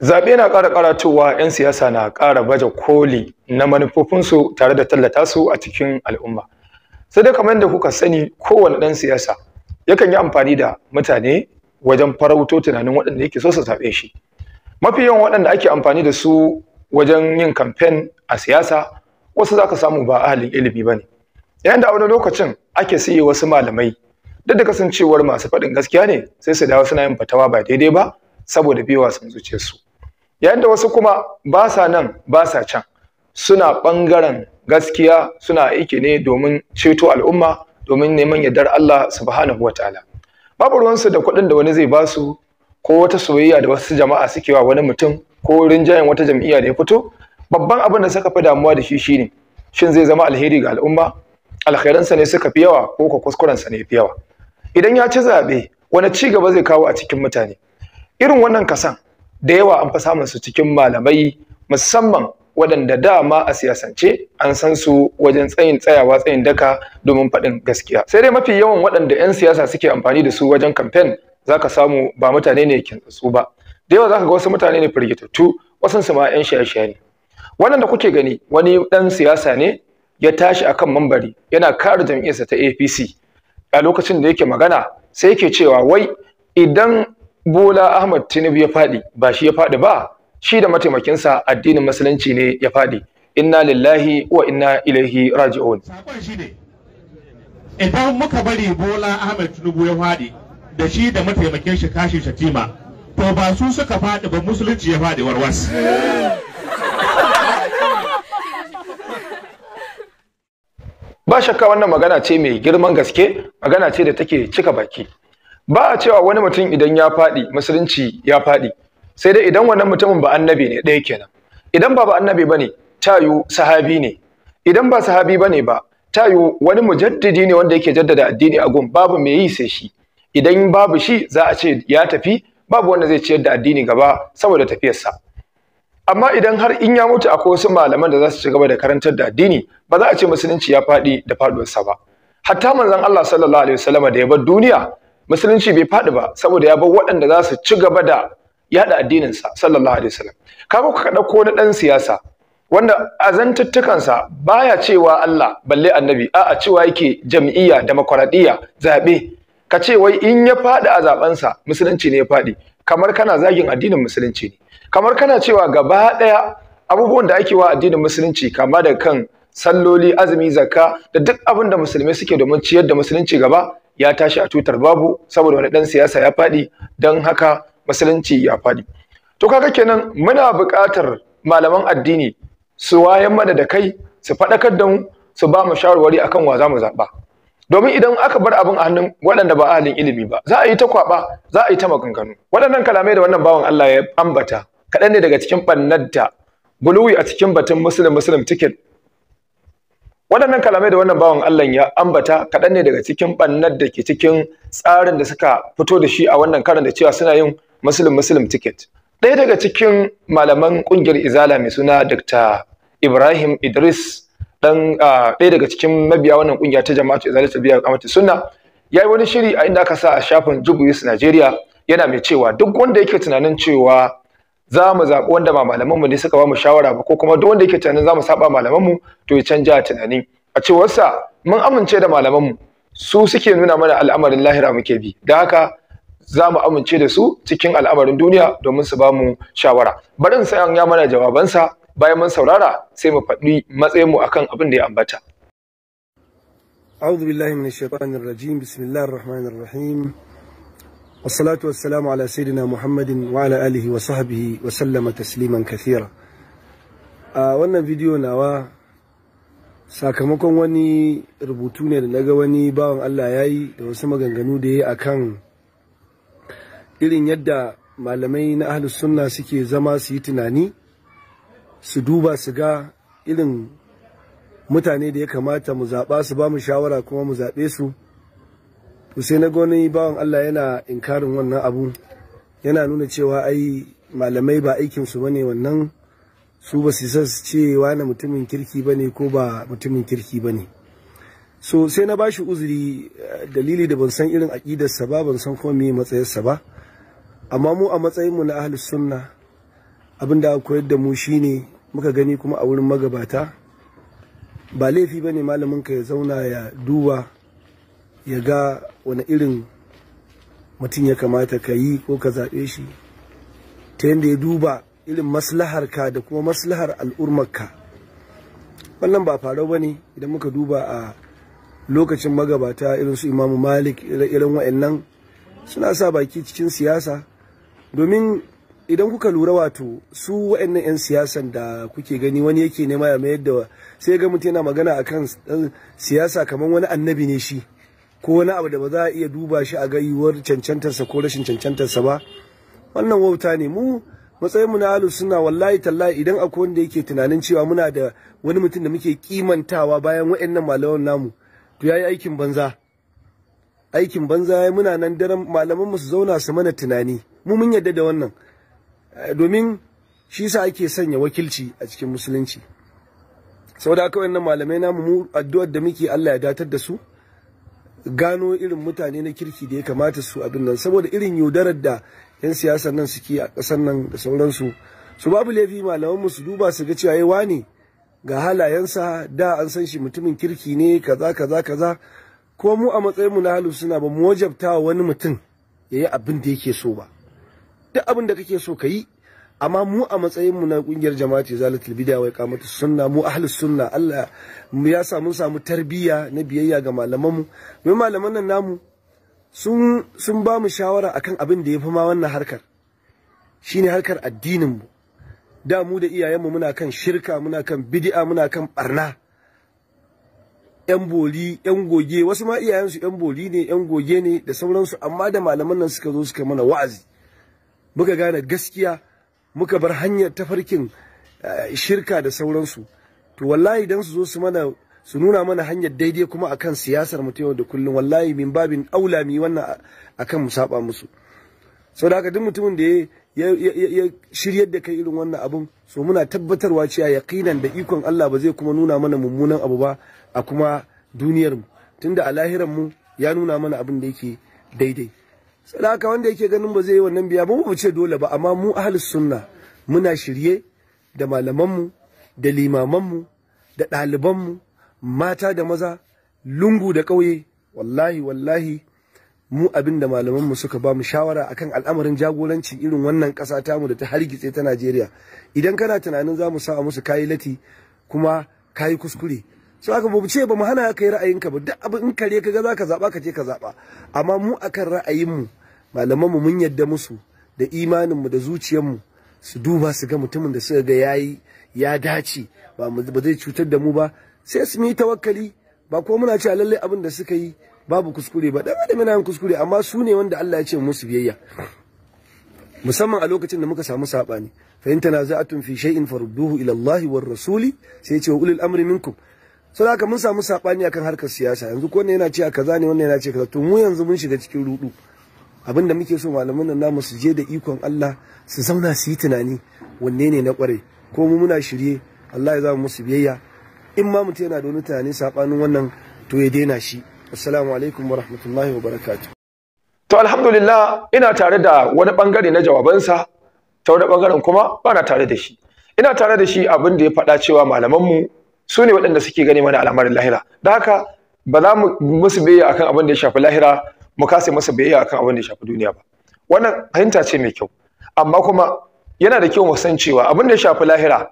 Zaɓe na ƙara ƙaratowa 'yan siyasa na ƙara baje koli na manufofinsu tare da tallata su a cikin al'umma. Sai dai kamar da kuka sani kowane ɗan siyasa yakan yi amfani da mutane wajen farauto tunanin waɗanda yake so su zaɓe shi. Mafi yawan waɗanda ake amfani da su wajen yin kamfen a siyasa wasu za ka samu ba ahalin ilimi ba ne. Yayin da a wani lokacin ake siye wasu malamai duk da kasancewar masu faɗin gaskiya ne sai su dawo suna yin fatawa ba daidai ba saboda biyawa sun zuce su. yayin da wasu kuma ba sa nan ba sa can suna ɓangaren gaskiya suna aiki ne domin ceto al'umma domin neman yardar Allah subhanahu wa ta'ala babu ruwansu da kuɗin da wani zai ba su ko wata soyayya da wasu jama'a suke wa wani mutum ko rinjayen wata jam'iyya da ya fito babban abin da suka fi damuwa da shi shine shin zai zama alheri ga al'umma alkhairansa ne suka fi yawa ko ko kuskurensa ne fi yawa idan ya ci zaɓe wani ci gaba zai kawo a cikin mutane irin wannan kasan da yawa an fi samun su cikin malamai musamman waɗanda dama a siyasance an san su wajen tsayin tsayawa tsayin daka domin faɗin gaskiya sai dai mafi yawan waɗanda 'yan siyasa suke amfani da su wajen kamfen zaka samu ba mutane ne kintsatsu ba da yawa zaka ga wasu mutane ne firgitattu wasu su ma 'yan shaye-shaye ne wannan da kuke gani wani ɗan siyasa ne ya tashi akan mambari yana kare jam'iyyarsa ta APC a lokacin da yake magana sai yake cewa wai idan Bola Ahmad Tinubu ya faɗi ba shi ya faɗi ba shi da mataimakinsa addinin musulunci ne ya faɗi inna lillahi wa inna ilaihi raji'un sakon shi ne idan muka bari Bola Ahmad Tinubu ya faɗi da shi da mataimakin shi kashi shatima to ba su suka faɗi ba musulunci ya faɗi warwas ba shakka wannan magana ce mai girman gaske magana ce da take cika baki ba a cewa wani mutum idan ya faɗi musulunci ya faɗi sai dai idan wannan mutumin ba annabi ne ɗaya kenan idan ba ba annabi ba ne ta yiwu sahabi ne idan ba sahabi ba ne ba ta yiwu wani mujaddidi ne wanda yake jaddada addini a gun babu mai yi sai shi idan babu shi za a ce ya tafi babu wanda zai ciyar da addini gaba saboda tafiyarsa amma idan har in ya mutu akwai wasu malaman da za su ci gaba da karantar da addini ba za a ce musulunci ya faɗi da faɗuwarsa ba hatta manzon Allah sallallahu alaihi wasallam da ya bar duniya musulunci bai faɗi ba saboda ya bar waɗanda za su ci gaba da yaɗa addininsa sallallahu alaihi wasallam ga ka ɗauko na ɗan siyasa wanda azantuttukansa baya cewa Allah balle annabi a'a cewa yake jam'iyya demokradiyya zaɓe ka ce wai in ya faɗi a zaɓensa musulunci ne ya faɗi kamar kana zagin addinin musulunci ne kamar kana cewa gaba ɗaya abubuwan da ake wa addinin musulunci kama da kan salloli azumi zakka da duk abin da musulmai suke domin ciyar da musulunci gaba ya tashi a tutar babu saboda wani dan siyasa ya faɗi dan haka musulunci ya faɗi to kaga kenan muna buƙatar malaman addini su wayan mana da kai su faɗakar da mu su ba mu shawarwari akan wa za mu zaɓa domin idan aka bar abin a hannun waɗanda ba ahalin ilimi ba za a yi ta kwaɓa za a yi ta maganganu waɗannan kalamai da wannan bawan Allah ya ambata kaɗan ne daga cikin ɓannar buluwi a cikin batun muslim muslim ticket waɗannan kalamai da wannan bawan Allah ya ambata kaɗan ne daga cikin ɓannar da ke cikin tsarin da suka fito da shi a wannan karan da cewa suna yin muslim muslim ticket ɗaya daga cikin malaman ƙungiyar izala mai suna dr ibrahim idris ɗan ɗaya daga cikin mabiya wannan ƙungiya ta jama'atu izala ta biya kamata suna ya yi wani shiri a inda aka sa a shafin jubilees nigeria yana mai cewa duk wanda yake tunanin cewa za mu zaɓi wanda ba malaman mu ne suka ba mu shawara ba ko kuma duk wanda yake tunanin za mu saba malaman mu to ya canja tunani a cewarsa mun amince da malaman mu su suke nuna mana al'amarin lahira muke bi da haka za mu amince da su cikin al'amarin duniya domin su ba mu shawara Barin sai an ya mana jawabansa bayan mun saurara sai mu faɗi matsayin mu akan abin da ya ambata أعوذ بالله من الشيطان الرجيم بسم الله الرحمن الرحيم wassalatu wassalamu ala sayyidina muhammadin wa ala alihi wa sahbihi wa sallama tasliman kathira a wannan bidiyo nawa sakamakon wani rubutu ne da naga wani bawan Allah ya yi da wasu maganganu da ya yi akan irin yadda malamai na ahlus sunna suke zama su yi tunani su duba su ga irin mutane da ya kamata mu zaɓa su ba mu shawara kuma mu zaɓe su to sai na goni bawan Allah yana inkarin wannan abu yana nuna cewa ai malamai ba aikin su bane wannan su ba su san cewa na mutumin kirki bane ko ba mutumin kirki bane so sai na bashi uzuri eh, dalili da ban san irin aƙidarsa ba ban san kuma meye matsayarsa ba amma mu a matsayinmu na ahlus sunna abin da koyar da mu shine muka gani kuma a wurin magabata ba laifi bane malamin ka ya zauna ya duba ya ga wani irin mutum ya kamata ka yi ko ka zaɓe shi ta yadda ya duba irin maslaharka da kuma maslahar al'ummarka wannan ba faru ba ne idan muka duba a lokacin magabata irin su imamu malik irin wa'annan suna sa baki cikin siyasa domin idan kuka lura wato su wa'annan 'yan siyasan da kuke gani wani yake nema ya mayar da sai ga mutum yana magana akan siyasa kamar wani annabi ne shi ko wani abu da ba za a iya duba shi a ga cancantarsa ko rashin cancantarsa ba wannan wauta ne mu matsayin mu na alu suna wallahi tallahi idan akwai wanda yake tunanin cewa muna da wani mutum da muke kimantawa bayan wa'annan malaman namu to yayi aikin banza aikin banza ya muna nan daren malaman mu su zauna su mana tunani mu mun yadda da wannan eh, domin shi sa ake sanya wakilci a cikin musulunci saboda haka wannan malamai namu mu addu'ar da muke Allah ya datar da su gano irin mutane na kirki da ya kamata su abin nan saboda irin yaudarar da 'yan siyasar nan suke a ƙasar nan da sauransu su babu laifi malaman su duba su ga cewa ya eh, wane ga halayensa da an san shi mutumin kirki ne kaza kaza kaza ko mu a matsayin mu na halu suna ba mu wajabta wani mutum ya yi abin da yake so ba duk abin da kake so ka yi amma mu a matsayin mu na kungiyar jama'ati zalatul bid'a wai kamatu sunna mu ahlus sunna Allah mu ya samu samu tarbiyya na biyayya ga malaman mu malaman nan namu sun sun ba mu shawara akan abin da yafi ma wannan harkar shine harkar addinin mu da mu da iyayen mu muna kan shirka muna kan bid'a muna kan barna yan boli yan goge wasu ma iyayen su yan boli ne yan goge ne da sauransu amma da malaman nan suka zo suka mana wa'azi muka gane gaskiya muka bar hanyar tafarkin eh, shirka da sauransu to wallahi dan su zo su nuna mana hanyar daidai kuma akan siyasar mu yau da kullum wallahi min babin aula mi wannan akan mu saba musu saboda duk mutumin da ya shiryar da kai irin wannan abun so muna tabbatarwa cewa yakinan da ikon Allah ba zai kuma nuna mana mummunan abu ba a kuma duniyar mu tunda a lahiran mu ya nuna mana abin da yake daidai sadaka wanda yake ganin ba zai yi wannan biya ba mu ce dole ba amma mu ahlus sunna muna shirye da malaman mu da limamanmu da mu mata da maza lungu da kauye wallahi wallahi mu abin da malamanmu suka ba mu shawara akan al'amarin jagoranci irin wannan ƙasa mu da ta hargitse ta Najeriya idan kana tunanin za mu sa musu kayi lati kuma kayi kuskure so aka ba ce ba mu hana ka yi ra'ayinka ba duk abin in kare ka ga zaka zaba ka je ka zaba amma mu akan ra'ayin mu malaman mu mun yadda musu da imanin mu da zuciyar mu su duba su ga mutumin da suka ga yayi ya dace ba ba zai cutar da mu ba sai su yi tawakkali ba ko muna cewa lalle abin da suka yi babu kuskure ba dan adam yana kuskure amma su ne wanda Allah ya ce musu biyayya musamman a lokacin da muka samu sabani fa in tun fi shay'in farudduhu ila Allah war rasuli sai ya ce ulil amri minkum saboda haka mun samu sabani akan harkar siyasa yanzu ko ne yana cewa kaza ne wannan yana ce kaza to mu yanzu mun shiga cikin rudu abinda muke so malaman nan namu su je da ikon Allah su zauna su yi tunani wanne ne na kware ko mu muna shirye Allah ya zama musu biyayya in ma mutum yana da wani tunani sabanin wannan to ya daina shi assalamu alaikum wa rahmatullahi wa barakatuh to alhamdulillah ina tare da wani bangare na jawabansa ta wani bangaren kuma ba na tare da shi ina tare da shi abin da ya faɗa cewa malamanmu su ne waɗanda suke gani mana al'amarin lahira da haka ba za mu musu biyayya akan abin da ya shafi lahira mu kasa masa biyayya akan abin da ya shafi duniya ba wannan fahimta ce mai kyau amma kuma yana da kyau mu san cewa abin da ya shafi lahira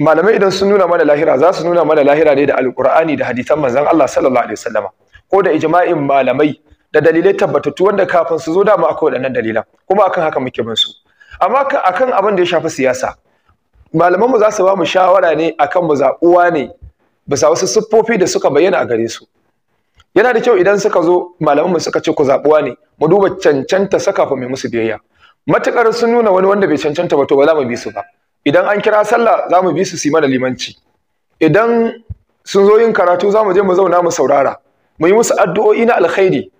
malamai idan sun nuna mana lahira za su nuna mana lahira ne da alkur'ani da hadisan manzon Allah sallallahu alaihi wasallama ko da ijma'in malamai da dalilai tabbatattu wanda kafin su zo dama akwai waɗannan dalilan kuma akan haka muke bin su amma akan abin da ya shafi siyasa malaman mu za su ba mu shawara ne akan mu zaɓuwa ne bisa wasu siffofi da suka bayyana a gare su yana da kyau idan suka zo malaman mu suka ce ku zaɓuwa ne mu duba cancanta saka fa mai musu biyayya matukar sun nuna wani wanda bai cancanta ba to ba za mu bi su ba idan an kira sallah za mu bi su su mana limanci idan sun zo yin karatu za mu je mu zauna mu saurara mu yi musu addu'o'i na alkhairi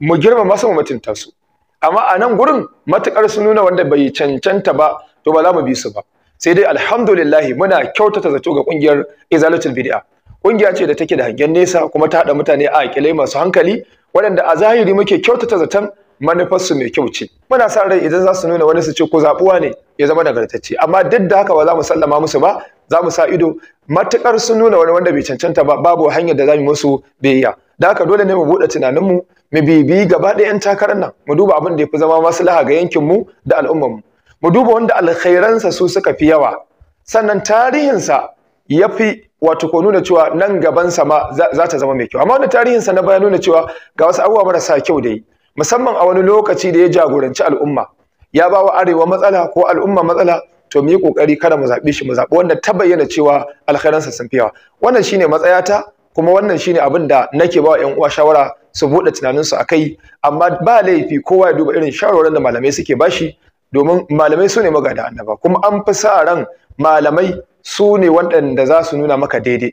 mu girmama su mu mutunta su amma a nan gurin matukar sun nuna wanda bai cancanta ba to ba za mu bi su ba sai dai alhamdulillah muna kyautata zato ga kungiyar izalatul bid'a kungiya ce da take da hangen nesa kuma ta haɗa mutane a akilai masu hankali waɗanda a zahiri muke kyautata zaton manufar su mai kyau ce muna sa rai idan za su nuna wani su ce ko zabuwa ne ya zama nagartacce amma duk da haka ba za mu sallama musu ba za mu sa ido matuƙar su nuna wani wanda bai cancanta ba babu hanyar da za mu musu biyayya da haka dole ne mu buɗe tunaninmu mu bibiyi gaba ɗaya 'yan takarar nan mu duba abin da ya fi zama maslaha ga yankinmu da al'ummarmu mu duba wanda alkhairansa su suka fi yawa sannan tarihinsa ya fi wato ko nuna cewa nan gabansa ma za ta zama mai kyau amma wanda tarihinsa na baya nuna cewa ga wasu abubuwa marasa kyau da yi musamman a wani lokaci da ya jagoranci al'umma ya ba wa arewa matsala ko al'umma matsala to mu yi kokari kada mu zaɓe shi mu zaɓi wanda ta bayyana cewa alkhairansa sun fi yawa wannan shine matsayata kuma wannan shine abin da nake ba wa ƴan uwa shawara su buɗe tunaninsu a kai amma ba laifi kowa ya duba irin shawarwarin da malamai suke bashi domin malamai su ne magada annaba kuma an fi sa ran malamai su ne waɗanda za su nuna maka daidai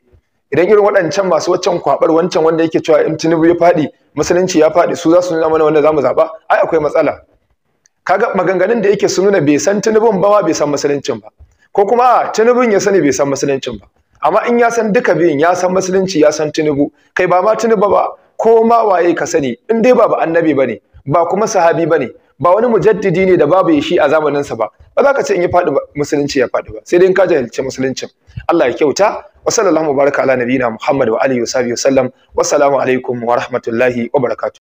idan irin waɗancan masu waccan kwabar wancan wanda yake cewa in tinubu ya fadi, musulunci ya faɗi su za su nuna mana wanda za mu zaɓa ai akwai matsala kaga maganganun da yake su nuna bai san tinubun ba ma bai san musuluncin ba ko kuma tinubun ya sani bai san musuluncin ba amma in ya san duka biyun ya san musulunci ya san tinubu kai ba ma tinubu ba ko ma waye ka sani in dai ba ba annabi bane ba kuma sahabi bane ba wani mujaddidi ne da babu shi a zamanin sa ba ba za ka ce in yi faɗi musulunci ya faɗi ba sai dai in ka jahilci musuluncin Allah ya kyauta wa sallallahu baraka ala nabiyina Muhammad wa alihi wa sahbihi wa sallam wassalamu alaikum wa rahmatullahi wa barakatuh